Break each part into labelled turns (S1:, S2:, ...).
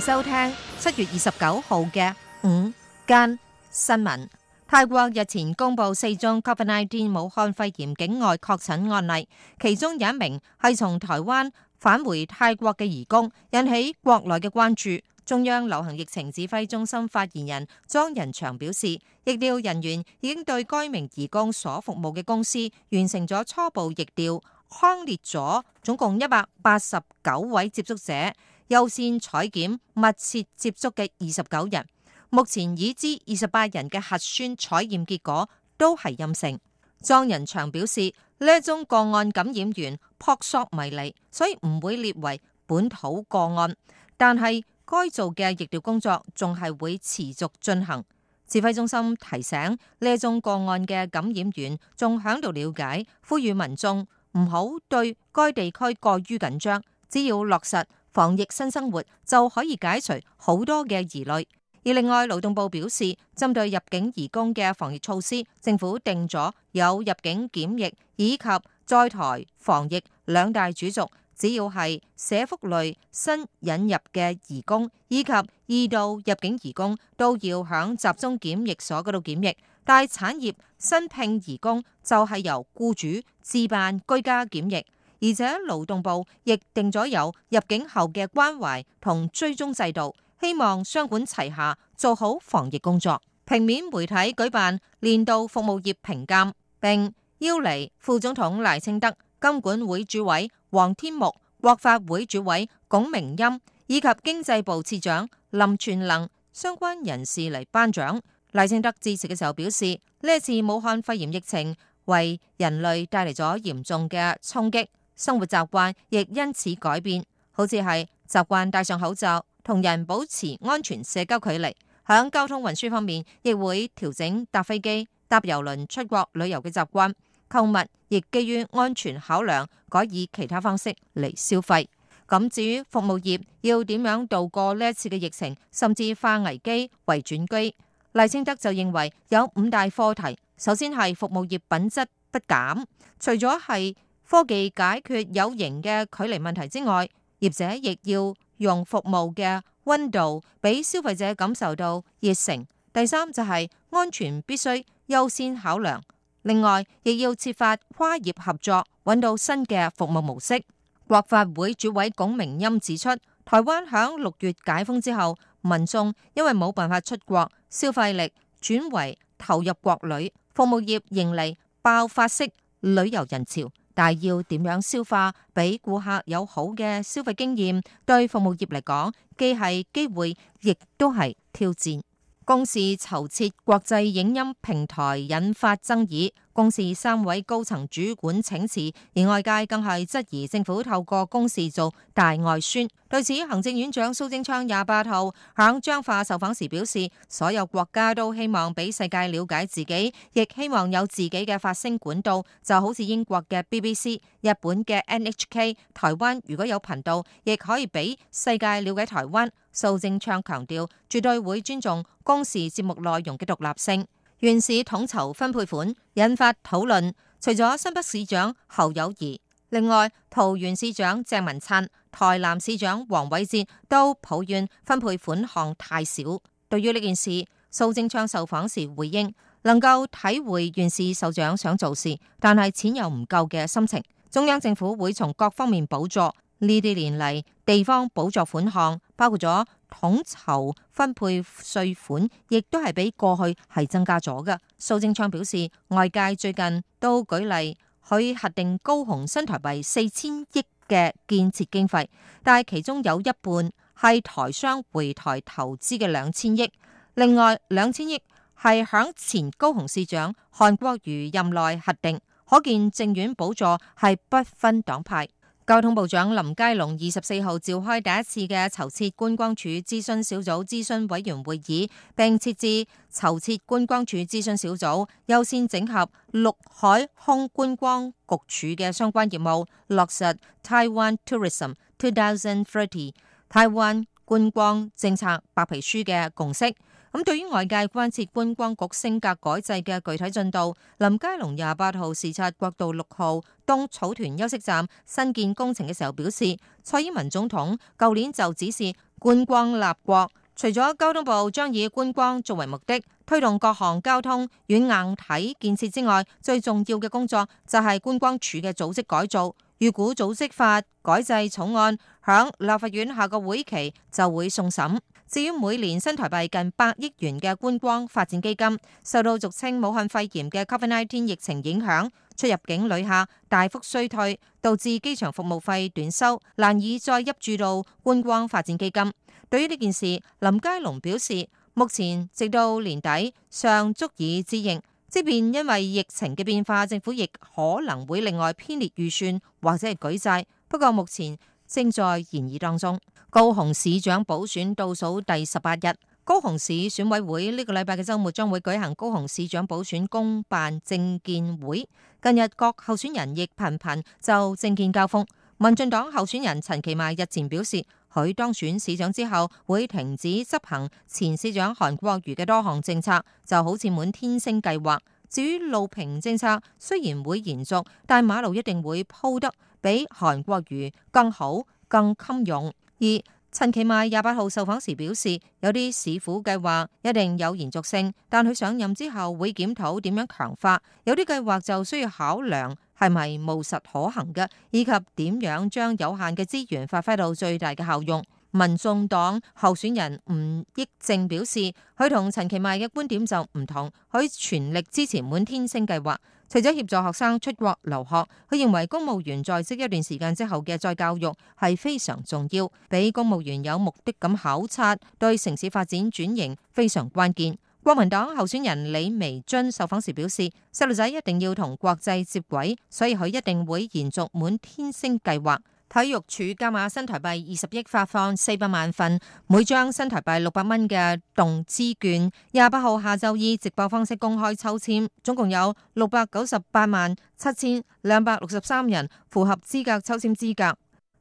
S1: 收聽七月二十九號嘅午間新聞。泰國日前公布四宗 COVID-19 武漢肺炎境外確診案例，其中有一名係從台灣返回泰國嘅移工，引起國內嘅關注。中央流行疫情指揮中心發言人莊仁祥表示，疫調人員已經對該名移工所服務嘅公司完成咗初步疫調，匡列咗總共一百八十九位接觸者。優先採檢密切接觸嘅二十九人，目前已知二十八人嘅核酸採驗結果都係陰性。莊仁祥表示，呢一宗個案感染源撲朔迷離，所以唔會列為本土個案，但係該做嘅疫調工作仲係會持續進行。指揮中心提醒，呢一宗個案嘅感染源仲響度了解，呼籲民眾唔好對該地區過於緊張，只要落實。防疫新生活就可以解除好多嘅疑慮。而另外，勞動部表示，針對入境移工嘅防疫措施，政府定咗有入境檢疫以及在台防疫兩大主軸。只要係社福類新引入嘅移工以及二度入境移工，都要響集中檢疫所嗰度檢疫。但係產業新聘移工就係由僱主置辦居家檢疫。而且勞動部亦定咗有入境後嘅關懷同追蹤制度，希望雙管齊下做好防疫工作。平面媒體舉辦年度服務業評鑑，並邀嚟副總統賴清德、金管會主委黃天木、國發會主委龔明鑫以及經濟部次長林全能相關人士嚟頒獎。賴清德致辭嘅時候表示，呢一次武漢肺炎疫情為人類帶嚟咗嚴重嘅衝擊。生活習慣亦因此改變，好似係習慣戴上口罩，同人保持安全社交距離。響交通運輸方面，亦會調整搭飛機、搭郵輪出國旅遊嘅習慣。購物亦基於安全考量，改以其他方式嚟消費。咁至於服務業要點樣度過呢一次嘅疫情，甚至化危機為轉機，賴清德就認為有五大課題。首先係服務業品質不減，除咗係。科技解決有形嘅距離問題之外，業者亦要用服務嘅溫度，俾消費者感受到熱誠。第三就係、是、安全必須優先考量，另外亦要設法跨業合作，揾到新嘅服務模式。國法會主委龔明鑫指出，台灣響六月解封之後，民眾因為冇辦法出國，消費力轉為投入國旅，服務業迎嚟爆發式旅遊人潮。但要點樣消化，俾顧客有好嘅消費經驗，對服務業嚟講，既係機會亦都係挑戰。公視籌設國際影音平台，引發爭議。公視三位高層主管請辭，而外界更係質疑政府透過公視做大外宣。對此，行政院長蘇貞昌廿八號響彰化受訪時表示：所有國家都希望俾世界了解自己，亦希望有自己嘅發聲管道，就好似英國嘅 BBC、日本嘅 NHK、台灣如果有頻道，亦可以俾世界了解台灣。蘇貞昌強調，絕對會尊重公視節目內容嘅獨立性。原市統籌分配款引發討論，除咗新北市長侯友宜，另外桃園市長鄭文燦、台南市長黃偉哲都抱怨分配款項太少。對於呢件事，蘇貞昌受訪時回應：能夠體會縣市首長想做事，但係錢又唔夠嘅心情。中央政府會從各方面補助呢啲年嚟地方補助款項，包括咗。統籌分配稅款，亦都係比過去係增加咗嘅。蘇貞昌表示，外界最近都舉例，去核定高雄新台幣四千億嘅建設經費，但係其中有一半係台商回台投資嘅兩千億，另外兩千億係響前高雄市長韓國瑜任內核定，可見政院補助係不分黨派。交通部長林佳龍二十四號召開第一次嘅籌設觀光署諮詢小組諮詢委員會議，並設置籌設觀光署諮詢小組，優先整合陸海空觀光局處嘅相關業務，落實《台灣 Tourism Two Thousand Thirty Taiwan 觀光政策白皮書》嘅共識。咁對於外界關切觀光局升格改制嘅具體進度，林佳龍廿八號視察國道六號東草屯休息站新建工程嘅時候表示，蔡英文總統舊年就指示觀光立國，除咗交通部將以觀光作為目的推動各項交通軟硬體建設之外，最重要嘅工作就係觀光署嘅組織改造，預估組織法改制草案響立法院下個會期就會送審。至於每年新台幣近百億元嘅觀光發展基金，受到俗稱武漢肺炎嘅 COVID-19 疫情影響，出入境旅客大幅衰退，導致機場服務費短收，難以再挹注到觀光發展基金。對於呢件事，林佳龍表示，目前直到年底尚足以支應，即便因為疫情嘅變化，政府亦可能會另外編列預算或者係舉債，不過目前正在研議當中。高雄市長補選倒數第十八日，高雄市選委會呢個禮拜嘅周末將會舉行高雄市長補選公辦政見會。近日各候選人亦頻頻就政見交鋒。民進黨候選人陳其邁日前表示，佢當選市長之後會停止執行前市長韓國瑜嘅多項政策，就好似滿天星計劃，至於路平政策雖然會延續，但馬路一定會鋪得，比韓國瑜更好、更襟用。二、陳其邁廿八號受訪時表示，有啲市府計劃一定有延續性，但佢上任之後會檢討點樣強化，有啲計劃就需要考量係咪務實可行嘅，以及點樣將有限嘅資源發揮到最大嘅效用。民眾黨候選人吳益政表示，佢同陳其邁嘅觀點就唔同，佢全力支持滿天星計劃。除咗協助學生出國留學，佢認為公務員在職一段時間之後嘅再教育係非常重要，俾公務員有目的咁考察，對城市發展轉型非常關鍵。國民黨候選人李眉蓁受訪時表示，細路仔一定要同國際接軌，所以佢一定會延續滿天星計劃。體育署加碼新台幣二十億，發放四百萬份，每張新台幣六百蚊嘅動滋券，廿八號下晝以直播方式公開抽籤，總共有六百九十八萬七千兩百六十三人符合資格抽籤資格獎，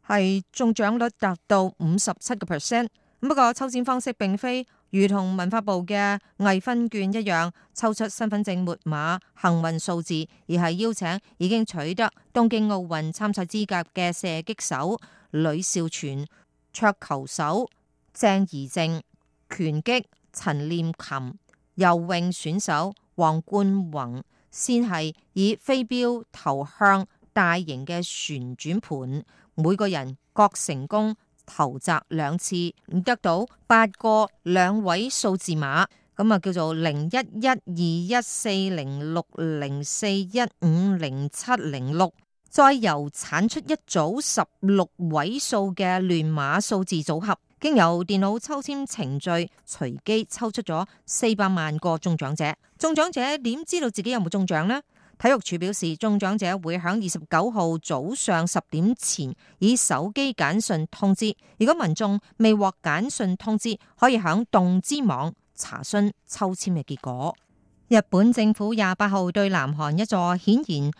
S1: 係中獎率達到五十七個 percent，不過抽籤方式並非。如同文化部嘅藝 FUN 券一樣，抽出身份證末碼幸運數字，而係邀請已經取得東京奧運參賽資格嘅射擊手呂少全、桌球手鄭怡靜、拳擊陳念琴、游泳選手王冠宏，先係以飛鏢投向大型嘅旋轉盤，每個人各成功。投擲兩次，得到八個兩位數字碼，噉就叫做零一一二一四零六零四一五零七零六，再由產出一組十六位數嘅亂碼數字組合，經由電腦抽籤程序，隨機抽出咗四百萬個中獎者。中獎者點知道自己有冇中獎呢？體育署表示，中獎者會喺二十九號早上十點前以手機簡訊通知。如果民眾未獲簡訊通知，可以喺動滋網查詢抽籤嘅結果。日本政府廿八號對南韓一座顯然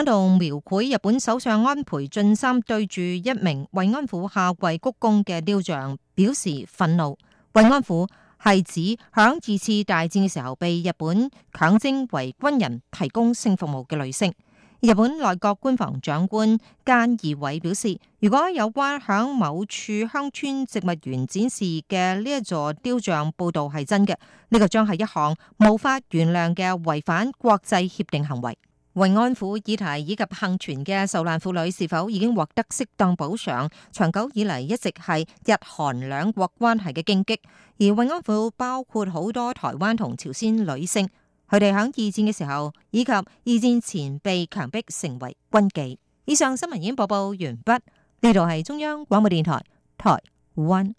S1: 喺度描繪日本首相安倍晉三對住一名慰安婦下跪鞠躬嘅雕像表示憤怒。慰安婦。係指響二次大戰嘅時候被日本強徵為軍人提供性服務嘅女性。日本內閣官房長官菅義偉表示，如果有關響某處鄉村植物園展示嘅呢一座雕像報導係真嘅，呢、這個將係一項無法原諒嘅違反國際協定行為。慰安婦議題以及倖存嘅受難婦女是否已經獲得適當補償，長久以嚟一直係日韓兩國關係嘅荊棘。而慰安婦包括好多台灣同朝鮮女性，佢哋喺二戰嘅時候以及二戰前被強迫成為軍妓。以上新聞已經播報完畢，呢度係中央廣播電台台灣。